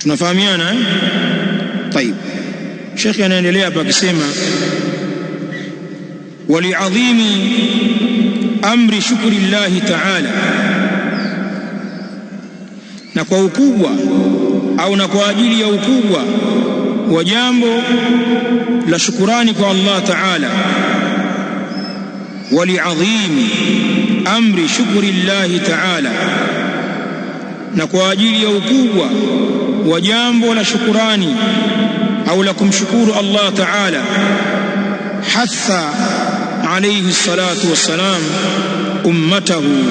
Tunafahamiana eh? Tayib, Sheikh anaendelea hapa akisema waliadhimi amri shukri llahi taala, na kwa ukubwa au na kwa ajili ya ukubwa wa jambo la shukurani kwa Allah taala. Waliadhimi amri shukri llahi taala, na kwa ajili ya ukubwa wa jambo la shukurani au la kumshukuru Allah Taala, hatha alayhi salatu wassalam ummatahu,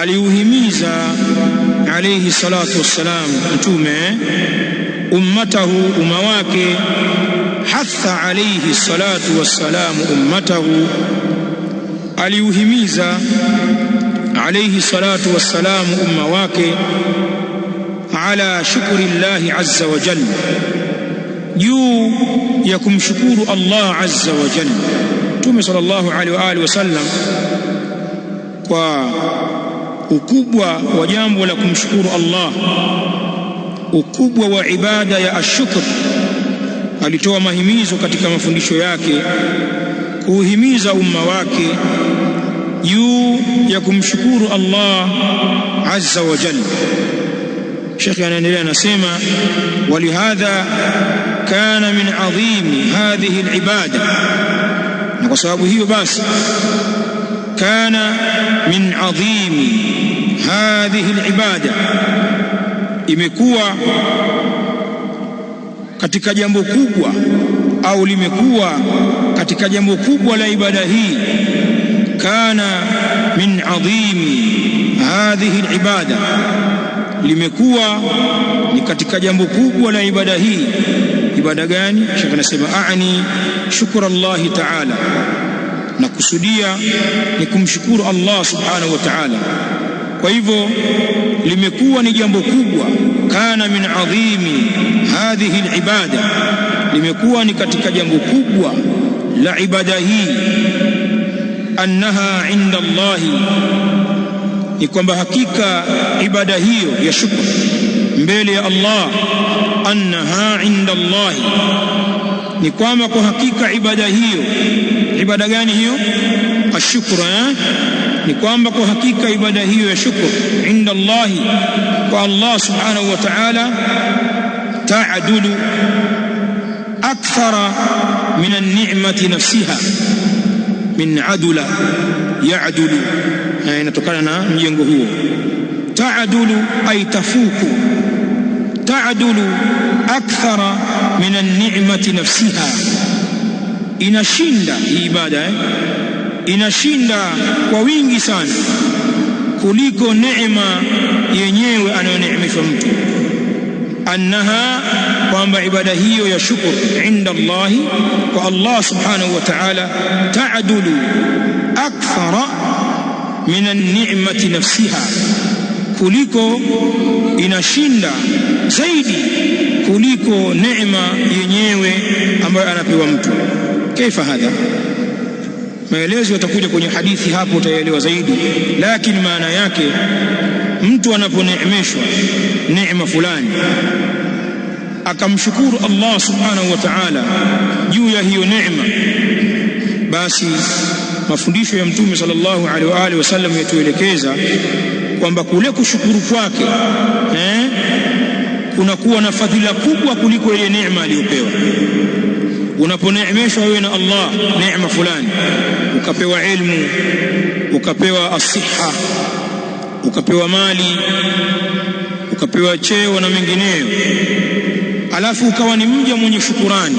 aliuhimiza alayhi salatu wassalam Mtume ummatahu, umma wake, hatha alayhi salatu wassalam ummatahu, aliuhimiza alayhi salatu wassalam umma wake ala shukri llahi azza wa jal, juu ya kumshukuru Allah azza wa jal. Mtume sallallahu alaihi wa alihi wasallam kwa ukubwa wa jambo la kumshukuru Allah, ukubwa wa ibada ya ashukr, alitoa mahimizo katika mafundisho yake kuuhimiza umma wake juu ya kumshukuru Allah azza wa jalla. Shekhe anaendelea anasema, walihadha kana min adhimi hadhihi alibada, na kwa sababu hiyo basi, kana min adhimi hadhihi alibada, imekuwa katika jambo kubwa au limekuwa katika jambo kubwa la ibada hii. Kana min adhimi hadhihi alibada limekuwa ni katika jambo kubwa la ibada hii. Ibada gani? Shekh anasema ani shukra Allahi taala, na kusudia ni kumshukuru Allah subhanahu wa taala. Kwa hivyo limekuwa ni jambo kubwa, kana min adhimi hadhihi alibada, limekuwa ni katika jambo kubwa la ibada hii, annaha inda Allahi ni kwamba hakika ibada hiyo ya shukr mbele ya Allah, annaha inda Allahi, ni kwamba kwa hakika ibada hiyo. Ibada gani hiyo? Ashukru eh? ni kwamba kwa hakika ibada hiyo ya shukr inda Allahi, kwa Allah subhanahu wa ta'ala, taadudu akthara min an-ni'mati nafsiha min adula ya'dulu inatokana na mjengo huo. Taadulu ay tafuku taadulu akthara min an-ni'mati nafsiha, inashinda hii ibada eh? inashinda kwa wingi sana kuliko neema yenyewe anayoneemeshwa mtu. Annaha, kwamba ibada hiyo ya shukr inda Allahi, kwa Allah subhanahu wa ta'ala, taadulu akthara minan ni'mati nafsiha, kuliko inashinda zaidi kuliko neema yenyewe ambayo anapewa mtu. Kaifa hadha, maelezo yatakuja kwenye hadithi, hapo utaelewa zaidi, lakini maana yake mtu anaponeemeshwa neema fulani akamshukuru Allah subhanahu wa ta'ala juu ya hiyo neema, basi Mafundisho ya Mtume sallallahu alaihi wa alihi wasallam yatuelekeza kwamba kule kushukuru kwake eh, kunakuwa na fadhila kubwa kuliko ile neema aliyopewa. Unaponeemeshwa wewe na Allah neema fulani, ukapewa ilmu, ukapewa asiha, ukapewa mali, ukapewa cheo na mengineyo, alafu ukawa ni mja mwenye shukurani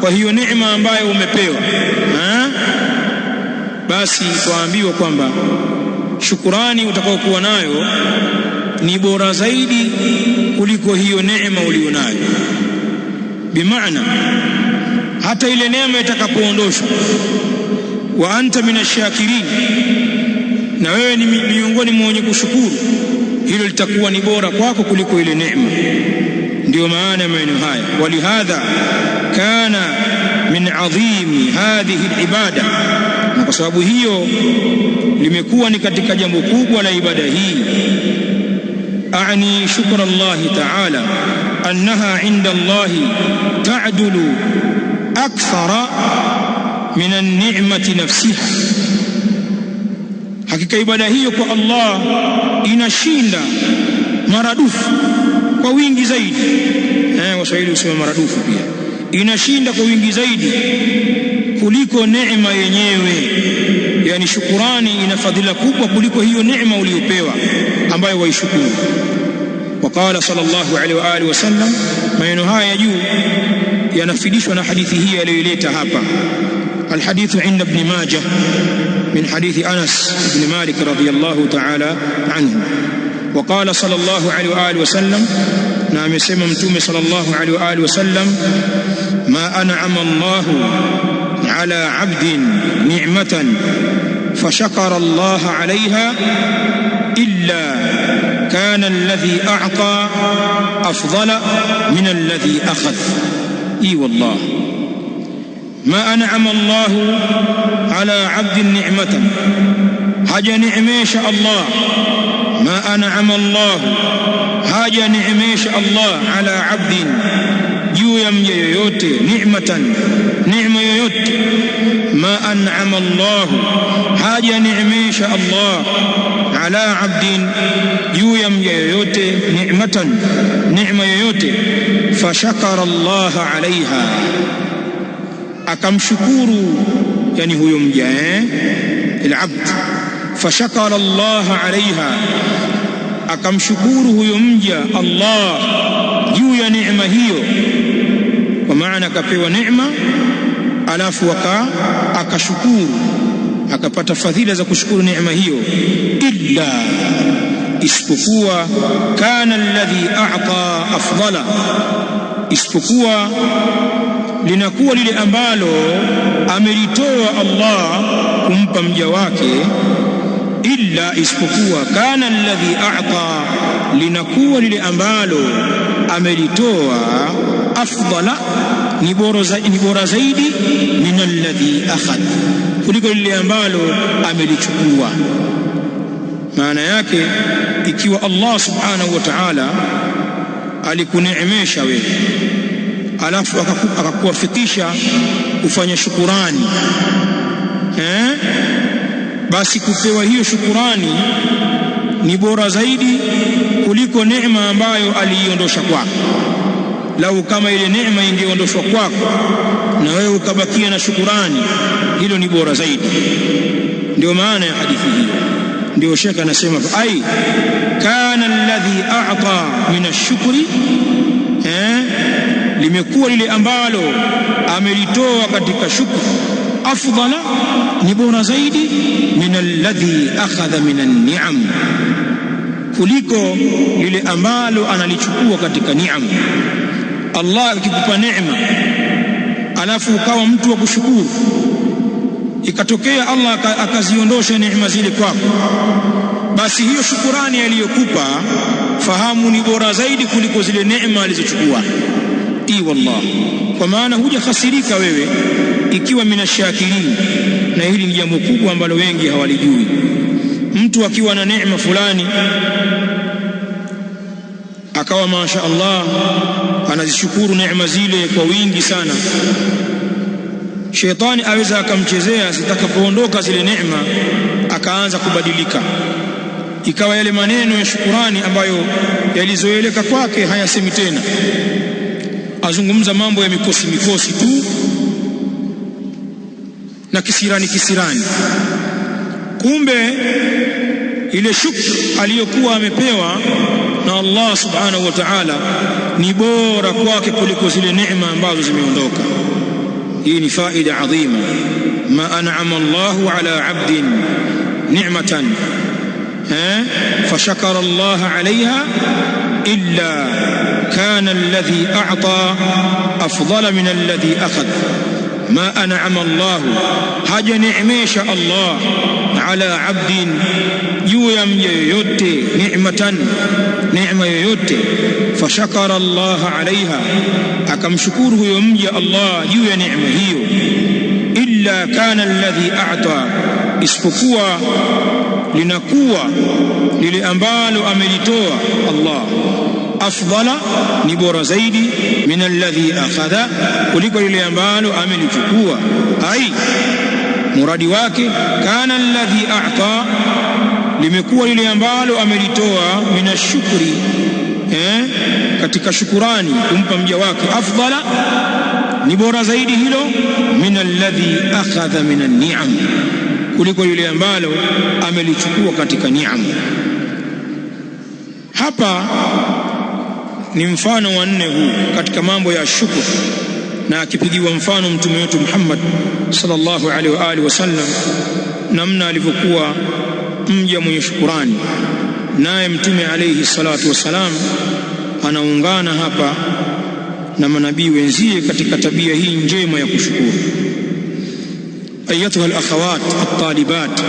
kwa hiyo neema ambayo umepewa ha? Eh, basi waambiwe kwamba shukurani utakayokuwa nayo ni bora zaidi kuliko hiyo neema nayo Bimaana hata ile neema itakapoondoshwa, wa anta minashakirin, na wewe ni miongoni mwa wenye kushukuru, hilo litakuwa ni bora kwako kuliko ile neema. Ndiyo maana ya maneno haya, walihadha kana min adhimi hadhihi alibada kwa sababu hiyo limekuwa ni katika jambo kubwa la ibada hii, ani shukra Allahi taala annaha inda llahi ta'dulu akthara min an-ni'mati nafsiha, hakika ibada hiyo kwa Allah inashinda maradufu kwa wingi zaidi. Eh, waswahili husema maradufu pia, inashinda kwa wingi zaidi kuliko neema yenyewe, yani shukurani ina fadhila kubwa kuliko hiyo neema uliyopewa ambayo waishukuru. Waqala sallallahu alaihi wa alihi wasallam, maneno haya ya juu yanafidishwa na hadithi hii aliyoileta hapa. Alhadithu inda Ibn Majah min hadithi Anas ibn Malik radhiyallahu ta'ala anhu. Waqala sallallahu alaihi wa alihi wasallam, na amesema Mtume sallallahu alaihi wa alihi wasallam, ma an'ama Allahu على عبد نعمة فشكر الله عليها إلا كان الذي أعطى أفضل من الذي أخذ إي والله ما أنعم الله على عبد نعمة هاج نعميش الله ما أنعم الله هاج نعميش الله على عبد ya mja yoyote, ni'matan, ni'ma yoyote, ma an'ama Allah, haja ni'misha Allah ala abdin, juu ya mja yoyote, ni'matan, ni'ma yoyote, fashakara Allah alaiha, akamshukuru yani huyo mja eh, alabd fashakara Allah alaiha akamshukuru huyo mja Allah juu ya neema hiyo kwa maana akapewa neema, alafu waka akashukuru, akapata fadhila za kushukuru neema hiyo. Illa, isipokuwa kana alladhi a'ta afdala, isipokuwa linakuwa lile ambalo amelitoa Allah kumpa mja wake. Illa, isipokuwa kana alladhi a'ta, linakuwa lile ambalo amelitoa afdala, ni bora zaidi, min alladhi akhadh, kuliko lile ambalo amelichukua. Maana yake ikiwa Allah subhanahu wa ta'ala alikuneemesha wewe, alafu akakuwafikisha kufanya shukurani eh, basi kupewa hiyo shukurani ni bora zaidi kuliko neema ambayo aliiondosha kwako lau kama ile neema ingeondoshwa kwako na wewe ukabakia na shukurani, hilo ni bora zaidi. Ndio maana ya hadithi hiyo, ndio shekh anasema ai kana alladhi a'ta min ashukri eh, limekuwa lile ambalo amelitoa katika shukru afdala, ni bora zaidi min alladhi akhadha min an-ni'am kuliko lile ambalo analichukua katika ni'am. Allah akikupa neema alafu ukawa mtu wa kushukuru, ikatokea Allah akaziondosha neema zile kwako, basi hiyo shukurani aliyokupa fahamu ni bora zaidi kuliko zile neema alizochukua. i wallah, kwa maana khasirika wewe ikiwa minashakirini. Na hili ni jambo kubwa ambalo wengi hawalijui. Mtu akiwa na neema fulani akawa masha Allah anazishukuru neema zile kwa wingi sana. Shetani aweza akamchezea, zitakapoondoka zile neema akaanza kubadilika, ikawa yale maneno ya shukurani ambayo yalizoeleka kwake hayasemi tena, azungumza mambo ya mikosi mikosi tu na kisirani kisirani. Kumbe ile shukr aliyokuwa amepewa na Allah subhanahu wa ta'ala ni bora kwake kuliko zile neema ambazo zimeondoka hii ni faida adhima ma an'ama Allahu ala 'abdin ni'matan eh fashakara Allah 'alayha illa kana alladhi a'ta أفضل min alladhi akhadha ma an'ama الله هج نعميش الله ala abdin juu ya mja yoyote, ni'matan, neema yoyote, fashakara Allah alaiha, akamshukuru huyo mja Allah juu ya neema hiyo, illa kana alladhi a'ta, isipokuwa linakuwa lile ambalo amelitoa Allah afdala ni bora zaidi min alladhi akhadha, kuliko lile ambalo amelichukua ai muradi wake, kana alladhi a'ta, limekuwa lile ambalo amelitoa, minashukri eh, katika shukurani kumpa mja wake, afdala ni bora zaidi hilo, min alladhi akhadha min an-ni'am, kuliko yule ambalo amelichukua katika ni'am. Hapa ni mfano wa nne huu katika mambo ya shukuru na akipigiwa mfano mtume wetu Muhammad sallallahu alaihi wa alihi wasallam, namna alivyokuwa mja mwenye shukurani. Naye mtume alaihi salatu wassalam anaungana hapa na manabii wenzie katika tabia hii njema ya kushukuru. Ayatuha alakhawat altalibat,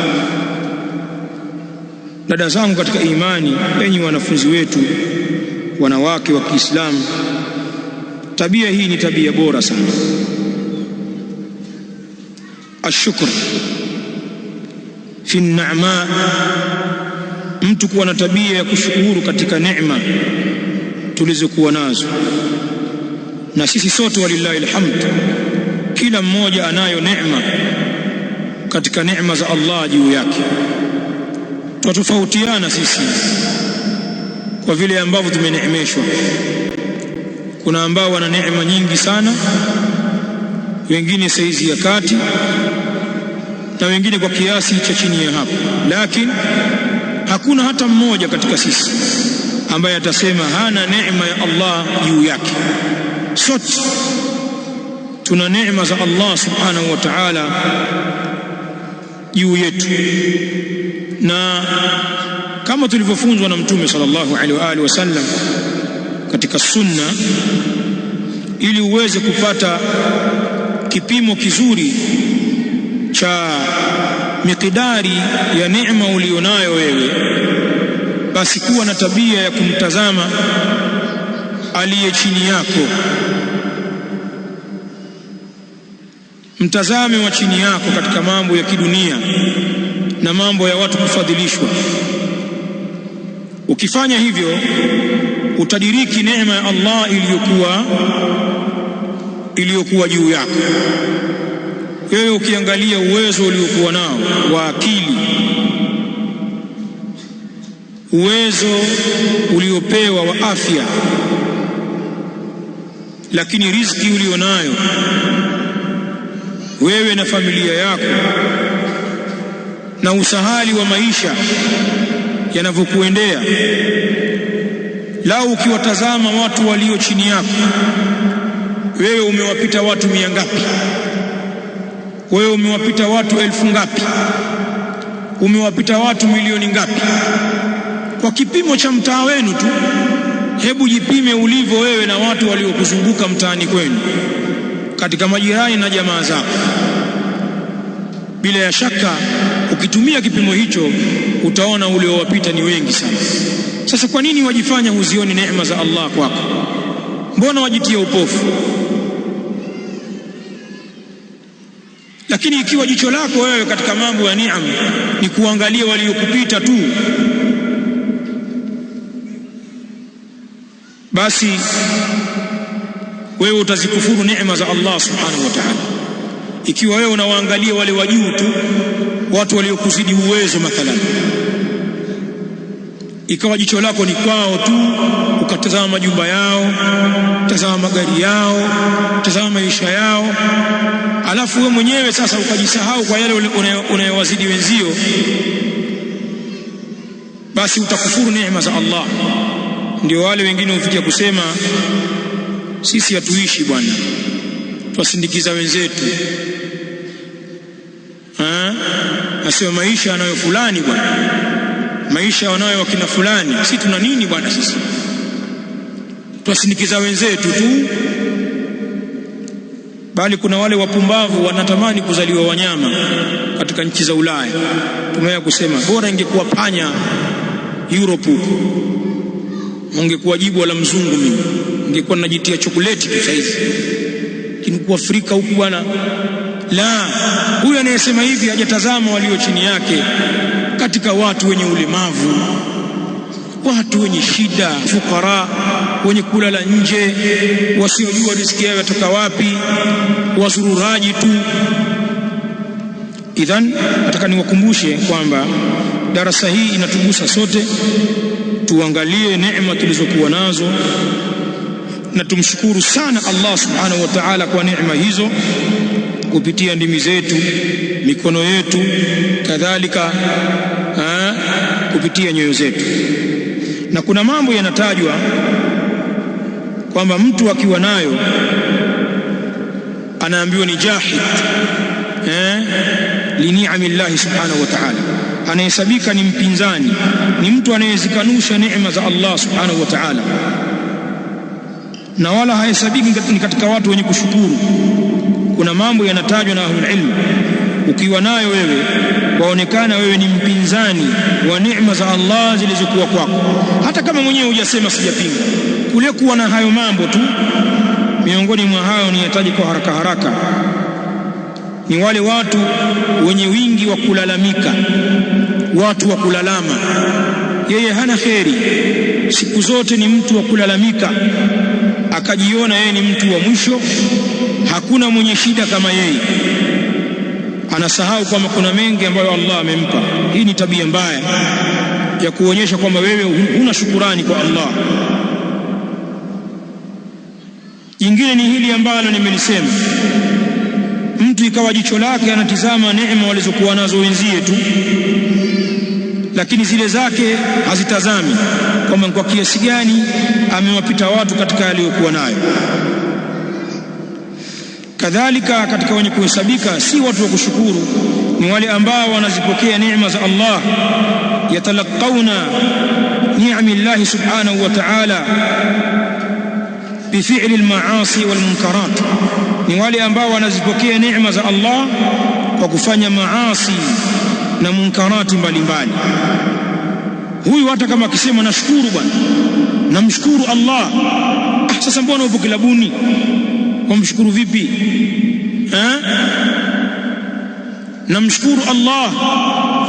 dada zangu katika imani, enyi wanafunzi wetu wanawake wa Kiislamu. Tabia hii ni tabia bora sana. Ashukr fi naama, mtu kuwa na tabia ya kushukuru katika neema tulizokuwa nazo. Na sisi sote walillahi alhamd, kila mmoja anayo neema katika neema za Allah juu yake. Twatofautiana sisi kwa vile ambavyo tumeneemeshwa kuna ambao wana neema nyingi sana, wengine saizi ya kati, na wengine kwa kiasi cha chini ya hapo, lakini hakuna hata mmoja katika sisi ambaye atasema hana neema ya Allah juu yake. Sote tuna neema za Allah subhanahu wa ta'ala juu yetu, na kama tulivyofunzwa na Mtume sallallahu alaihi wa alihi wasallam katika sunna, ili uweze kupata kipimo kizuri cha mikidari ya neema ulionayo wewe, basi kuwa na tabia ya kumtazama aliye chini yako. Mtazame wa chini yako katika mambo ya kidunia na mambo ya watu kufadhilishwa. Ukifanya hivyo utadiriki neema ya Allah iliyokuwa iliyokuwa juu yako wewe. Ukiangalia uwezo uliokuwa nao wa akili, uwezo uliopewa wa afya, lakini riziki ulionayo wewe na familia yako na usahali wa maisha yanavyokuendea Lau ukiwatazama watu walio chini yako, wewe umewapita watu mia ngapi? Wewe umewapita watu elfu ngapi? Umewapita watu milioni ngapi? Kwa kipimo cha mtaa wenu tu, hebu jipime ulivyo wewe na watu waliokuzunguka mtaani kwenu, katika majirani na jamaa zako. Bila ya shaka, ukitumia kipimo hicho utaona uliowapita ni wengi sana. Sasa kwa nini wajifanya huzioni neema za Allah kwako? Mbona wajitia upofu? Lakini ikiwa jicho lako wewe katika mambo ya neema ni kuangalia waliokupita tu, basi wewe utazikufuru neema za Allah subhanahu wa ta'ala. Ikiwa wewe unawaangalia wale wajuu tu, watu waliokuzidi uwezo mathalan ikawa jicho lako ni kwao tu, ukatazama majumba yao, tazama magari yao, tazama maisha yao, alafu wewe mwenyewe sasa ukajisahau kwa yale unayowazidi wenzio, basi utakufuru neema za Allah. Ndio wale wengine hufikia kusema sisi hatuishi bwana, twasindikiza wenzetu ha? Nasema maisha anayo fulani bwana maisha wanayo wakina fulani. Si tuna nini bwana? Sisi twasindikiza wenzetu tu, bali kuna wale wapumbavu wanatamani kuzaliwa wanyama katika nchi za Ulaya. Tumewahi kusema bora ingekuwa panya Europe ungekuwa jibu wala mzungu, mimi ningekuwa najitia chokoleti tu hizi, lakini Afrika huku bwana la huyu anayesema hivi hajatazama walio chini yake katika watu wenye ulemavu, watu wenye shida, fukara, wenye kulala nje, wasiojua riziki yao yatoka wapi, wazururaji tu. Idhan, nataka niwakumbushe kwamba darasa hii inatugusa sote, tuangalie neema tulizokuwa nazo na tumshukuru sana Allah subhanahu wa ta'ala kwa neema hizo kupitia ndimi zetu, mikono yetu, kadhalika kupitia nyoyo zetu. Na kuna mambo yanatajwa kwamba mtu akiwa nayo anaambiwa ni jahid eh, li ni'ami llahi subhanahu wa ta'ala, anahesabika ni mpinzani, ni mtu anayezikanusha neema za Allah subhanahu wa ta'ala, na wala hahesabiki ni katika watu wenye kushukuru kuna mambo yanatajwa na ahlul ilm, ukiwa nayo wewe waonekana wewe ni mpinzani wa neema za Allah zilizokuwa kwako, hata kama mwenyewe hujasema sijapinga. Kule kuwa na hayo mambo tu, miongoni mwa hayo yataji kwa haraka haraka ni wale watu wenye wingi wa kulalamika, watu wa kulalama. Yeye hana kheri, siku zote ni mtu wa kulalamika, akajiona yeye ni mtu wa mwisho Hakuna mwenye shida kama yeye, anasahau kwamba kuna mengi ambayo Allah amempa. Hii ni tabia mbaya ya kuonyesha kwamba wewe huna shukurani kwa Allah. Jingine ni hili ambalo nimelisema, mtu ikawa jicho lake anatizama neema walizokuwa nazo wenzie tu, lakini zile zake hazitazami kwamba kwa kiasi gani amewapita watu katika aliyokuwa nayo. Kadhalika katika wenye kuhesabika si watu wa kushukuru, ni wale ambao wanazipokea neema za Allah, yatalaqauna ni'ami llahi subhanahu wa ta'ala bifili lmaasi walmunkarat, ni wale ambao wanazipokea neema za Allah kwa kufanya maasi na munkarati mbalimbali. Huyu hata kama akisema nashukuru bwana, namshukuru Allah, ah, sasa mbona upo kilabuni? wamshukuru vipi eh? Namshukuru Allah,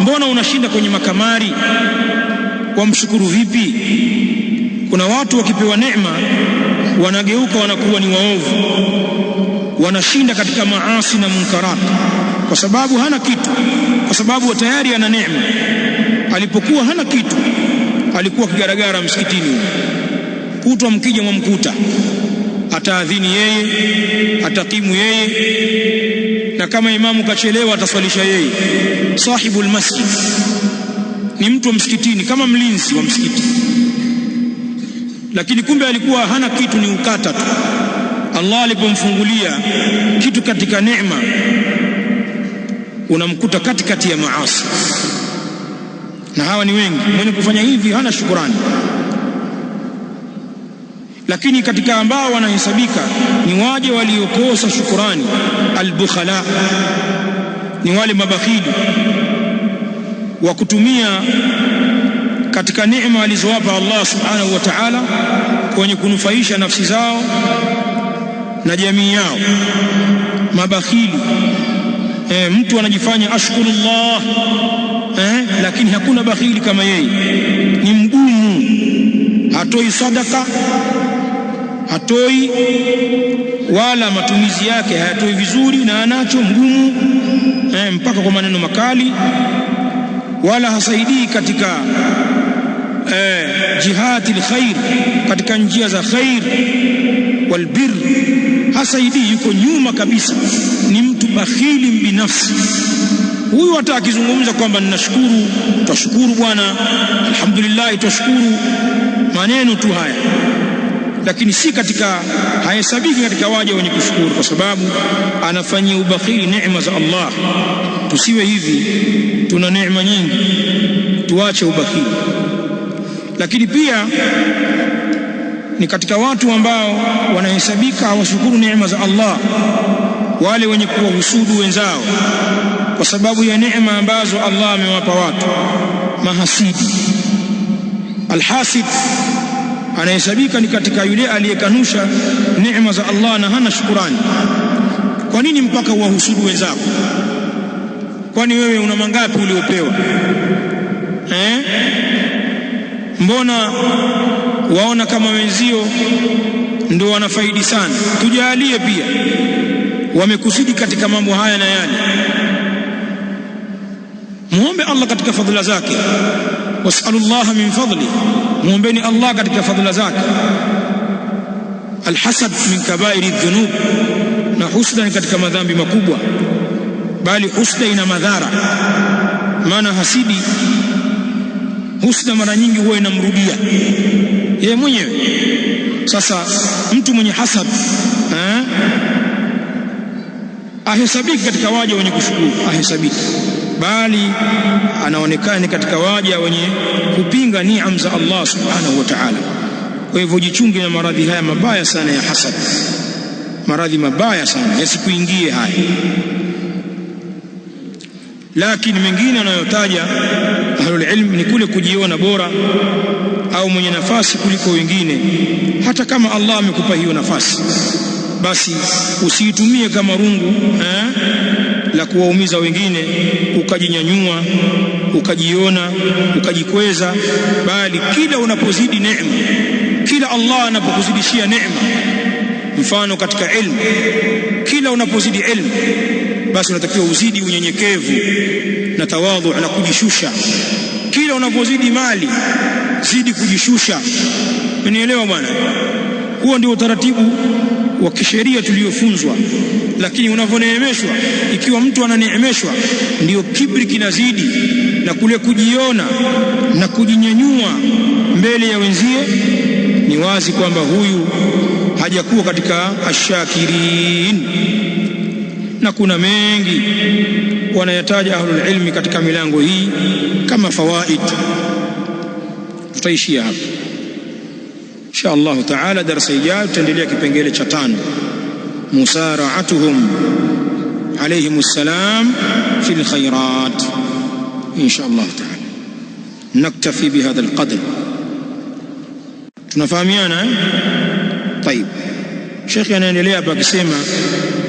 mbona unashinda kwenye makamari? Wamshukuru vipi? Kuna watu wakipewa neema wanageuka wanakuwa ni waovu, wanashinda katika maasi na munkarat, kwa sababu hana kitu, kwa sababu tayari ana neema. Alipokuwa hana kitu, alikuwa kigaragara msikitini, kutwa mkija mwamkuta ataadhini yeye, atakimu yeye, na kama imamu kachelewa ataswalisha yeye. Sahibul masjid ni mtu wa msikitini, kama mlinzi wa msikiti, lakini kumbe alikuwa hana kitu, ni ukata tu. Allah alipomfungulia kitu katika neema, unamkuta katikati ya maasi, na hawa ni wengi. Mwenye kufanya hivi hana shukurani lakini katika ambao wanahesabika ni waje waliokosa shukurani, albukhala, ni wale mabakhili wa kutumia katika neema alizowapa Allah subhanahu wa ta'ala kwenye kunufaisha nafsi zao na jamii yao. Mabakhili e, eh, mtu anajifanya ashkurullah e, lakini hakuna bakhili kama yeye, ni mgumu, hatoi sadaka hatoi wala matumizi yake hayatoi vizuri, na anacho mgumu eh, mpaka kwa maneno makali, wala hasaidii katika eh, jihati lkhair, katika njia za khair walbir, hasaidii, yuko nyuma kabisa, ni mtu bakhili binafsi huyu hata akizungumza kwamba ninashukuru, twashukuru bwana, alhamdulillah, twashukuru, maneno tu haya lakini si katika hahesabiki katika waja wenye kushukuru, kwa sababu anafanyia ubakhili neema za Allah. Tusiwe hivi, tuna neema nyingi, tuache ubakhili. Lakini pia ni katika watu ambao wanahesabika hawashukuru neema za Allah, wale wenye kuwahusudu wenzao kwa sababu ya neema ambazo Allah amewapa watu, mahasidi alhasid anahesabika ni katika yule aliyekanusha neema za Allah na hana shukurani. Kwa nini mpaka uwahusudu wenzako? Kwani wewe una mangapi uliopewa eh? Mbona waona kama wenzio ndio wanafaidi sana? Tujalie pia wamekusudi katika mambo haya na yale. Muombe Allah katika fadhila zake, wasalullaha min fadlihi mwombeni Allah katika fadhila zake. Alhasad min kabairi dhunub, na husda ni katika madhambi makubwa, bali husda ina madhara. Maana hasidi, husda mara nyingi huwa inamrudia yeye mwenyewe. Sasa mtu mwenye hasad eh, ahesabiki katika waja wenye kushukuru, ahesabiki bali anaonekana ni katika waja wenye kupinga niam za Allah subhanahu wa ta'ala. Kwa hivyo jichunge na maradhi haya mabaya sana ya hasad, maradhi mabaya sana yasikuingie haya. Lakini mengine anayotaja ahlulilm ni kule kujiona bora au mwenye nafasi kuliko wengine, hata kama Allah amekupa hiyo nafasi basi usiitumie kama rungu eh, la kuwaumiza wengine, ukajinyanyua ukajiona ukajikweza, bali kila unapozidi neema, kila Allah anapokuzidishia neema, mfano katika elimu, kila unapozidi elimu, basi unatakiwa uzidi unyenyekevu na tawadhu na kujishusha. Kila unapozidi mali, zidi kujishusha. Unielewa bwana? Huo ndio utaratibu wa kisheria tuliyofunzwa. Lakini unavyoneemeshwa, ikiwa mtu ananeemeshwa, ndiyo kibri kinazidi na kule kujiona na kujinyanyua mbele ya wenzie, ni wazi kwamba huyu hajakuwa katika ashakirin, na kuna mengi wanayataja ahlulilmi katika milango hii kama fawaid. Tutaishia hapa. إن شاء الله تعالى درس إجاب تندليك بنجيل شطان مسارعتهم عليهم السلام في الخيرات إن شاء الله تعالى نكتفي بهذا القدر نفهم يانا طيب شيخ يعني ليه بقسيمة